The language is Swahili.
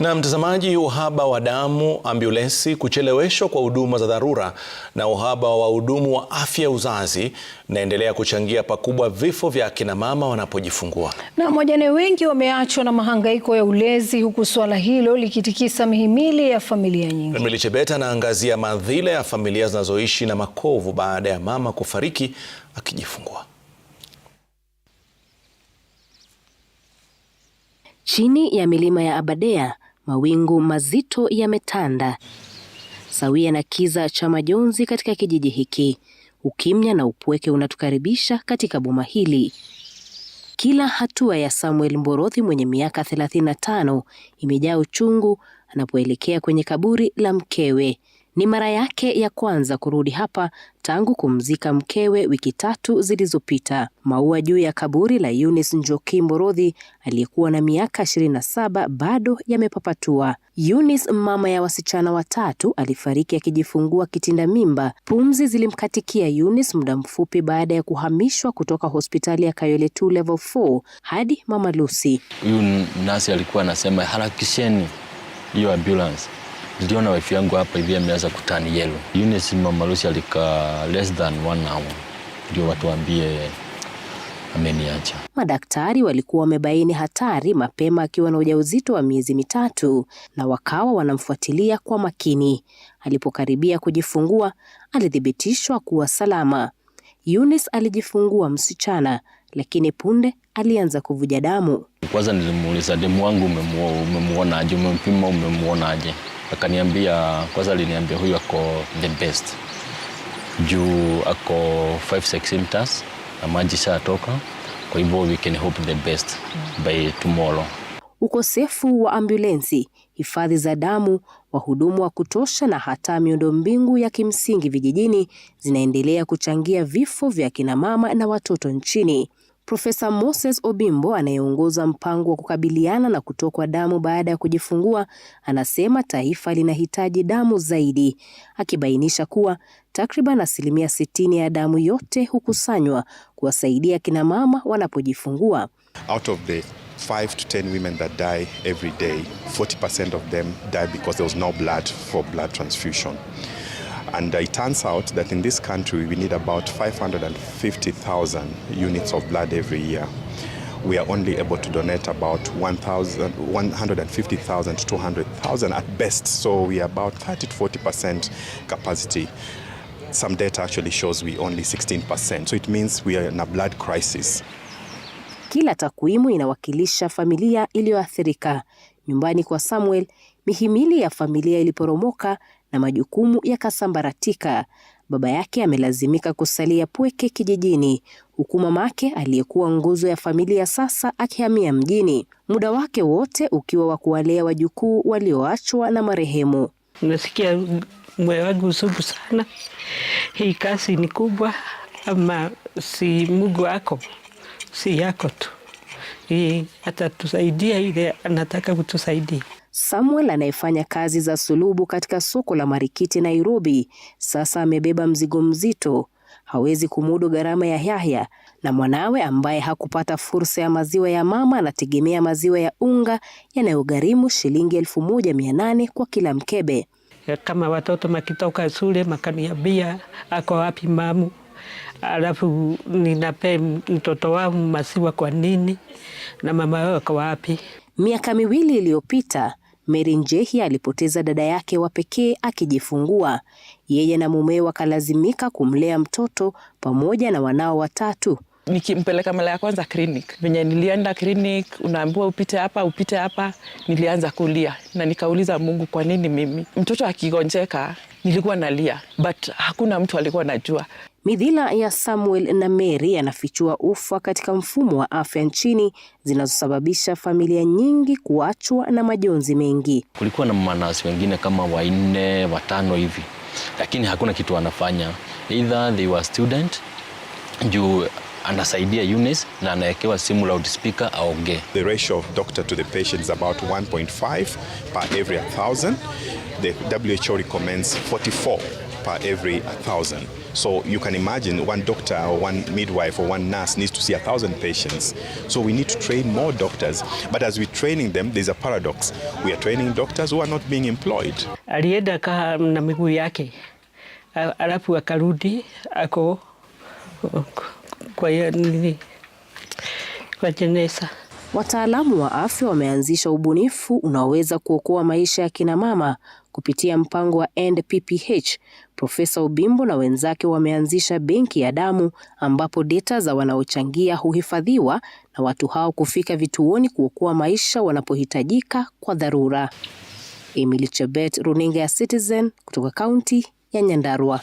Na mtazamaji, uhaba wa damu, ambulensi, kucheleweshwa kwa huduma za dharura na uhaba wa wahudumu wa afya uzazi unaendelea kuchangia pakubwa vifo vya akina mama wanapojifungua. Na wajane wengi wameachwa na mahangaiko ya ulezi, huku suala hilo likitikisa mihimili ya familia nyingi. Emily Chebet anaangazia madhila ya familia zinazoishi na makovu baada ya mama kufariki akijifungua. Chini ya milima ya abadea mawingu mazito yametanda sawia na kiza cha majonzi katika kijiji hiki. Ukimya na upweke unatukaribisha katika boma hili. Kila hatua ya Samuel Mborothi mwenye miaka 35 imejaa uchungu anapoelekea kwenye kaburi la mkewe. Ni mara yake ya kwanza kurudi hapa tangu kumzika mkewe wiki tatu zilizopita. Maua juu ya kaburi la Eunice Njoki Mborodhi aliyekuwa na miaka ishirini na saba bado yamepapatua. Eunice, mama ya wasichana watatu, alifariki akijifungua kitinda mimba. Pumzi zilimkatikia Eunice muda mfupi baada ya kuhamishwa kutoka hospitali ya Kayole 2 level 4 hadi Mama Lucy. Huyu nasi alikuwa anasema harakisheni hiyo ambulance. Niliona wife yangu hapa hivi ameanza kutani yelo. Eunice mama Lucy alika less than one hour ndio watuambie ameniacha. Madaktari walikuwa wamebaini hatari mapema akiwa na ujauzito wa miezi mitatu na wakawa wanamfuatilia kwa makini. Alipokaribia kujifungua, alithibitishwa kuwa salama. Yunis alijifungua msichana, lakini punde alianza kuvuja damu. Kwanza nilimuuliza demu wangu, umemuonaje? Umempima, umemuonaje? akaniambia, kwanza aliniambia huyu ako the best juu ako 5 centimeters na maji shatoka, kwa hivyo we can hope the best by tomorrow. Ukosefu wa ambulensi, hifadhi za damu, wahudumu wa kutosha na hata mbingu ya kimsingi vijijini zinaendelea kuchangia vifo vya kina mama na watoto nchini. Profesa Moses Obimbo anayeongoza mpango wa kukabiliana na kutokwa damu baada ya kujifungua anasema taifa linahitaji damu zaidi, akibainisha kuwa takriban asilimia sitini ya damu yote hukusanywa kuwasaidia kina mama wanapojifungua. Out of the 5 to 10 women that die every day, 40% of them die because there was no blood for blood transfusion. And it turns out that in this country we need about 550,000 units of blood every year. We are only able to donate about 150,000 to 200,000 at best, so we are about 30 to 40% capacity. Some data actually shows we only 16%, so it means we are in a blood crisis. Kila takwimu inawakilisha familia iliyoathirika. Nyumbani kwa Samuel, mihimili ya familia iliporomoka na majukumu yakasambaratika. Baba yake amelazimika kusalia pweke kijijini, huku mamake aliyekuwa nguzo ya familia sasa akihamia mjini, muda wake wote ukiwa wa kuwalea wajukuu walioachwa na marehemu. Nasikia moyo wangu usugu sana, hii kazi ni kubwa, ama si Mungu wako si yako tu, hii atatusaidia ile anataka kutusaidia. Samuel anayefanya kazi za sulubu katika soko la Marikiti Nairobi, sasa amebeba mzigo mzito. Hawezi kumudu gharama ya Yahya na mwanawe ambaye hakupata fursa ya maziwa ya mama, anategemea maziwa ya unga yanayogharimu shilingi elfu moja mia nane kwa kila mkebe. Kama watoto makitoka shule makaniambia ako wapi mamu, alafu ninape mtoto wangu maziwa kwa nini? Na mama yao ako wapi? Miaka miwili iliyopita Mary Njehi alipoteza dada yake wa pekee akijifungua. Yeye na mumewe wakalazimika kumlea mtoto pamoja na wanao watatu. Nikimpeleka mara ya kwanza clinic, venye nilienda clinic, unaambiwa upite hapa upite hapa, nilianza kulia na nikauliza Mungu, kwa nini mimi? Mtoto akigonjeka nilikuwa nalia, but hakuna mtu alikuwa najua. Midhila ya Samuel na Mary yanafichua ufa katika mfumo wa afya nchini zinazosababisha familia nyingi kuachwa na majonzi mengi. Kulikuwa na manasi wengine kama wanne watano hivi, lakini hakuna kitu wanafanya. Either they were student juu anasaidia UNICEF na anawekewa simu loudspeaker aongee. The ratio of doctor to the patient is about 1.5 per every 1000. The WHO recommends 44 per every 1,000. So you can imagine one doctor or one midwife or one nurse needs to see 1,000 patients. So we need to train more doctors. But as we're training them, there's a paradox. We are training doctors who are not being employed. Alienda kaa na miguu yake. Alafu akarudi ako kwa nini kwa jeneza. Wataalamu wa afya wameanzisha ubunifu unaoweza kuokoa maisha ya kina mama Kupitia mpango wa npph Profesa Ubimbo na wenzake wameanzisha benki ya damu ambapo data za wanaochangia huhifadhiwa na watu hao kufika vituoni kuokoa maisha wanapohitajika kwa dharura. Emily Chebet, runinga ya Citizen kutoka kaunti ya Nyandarua.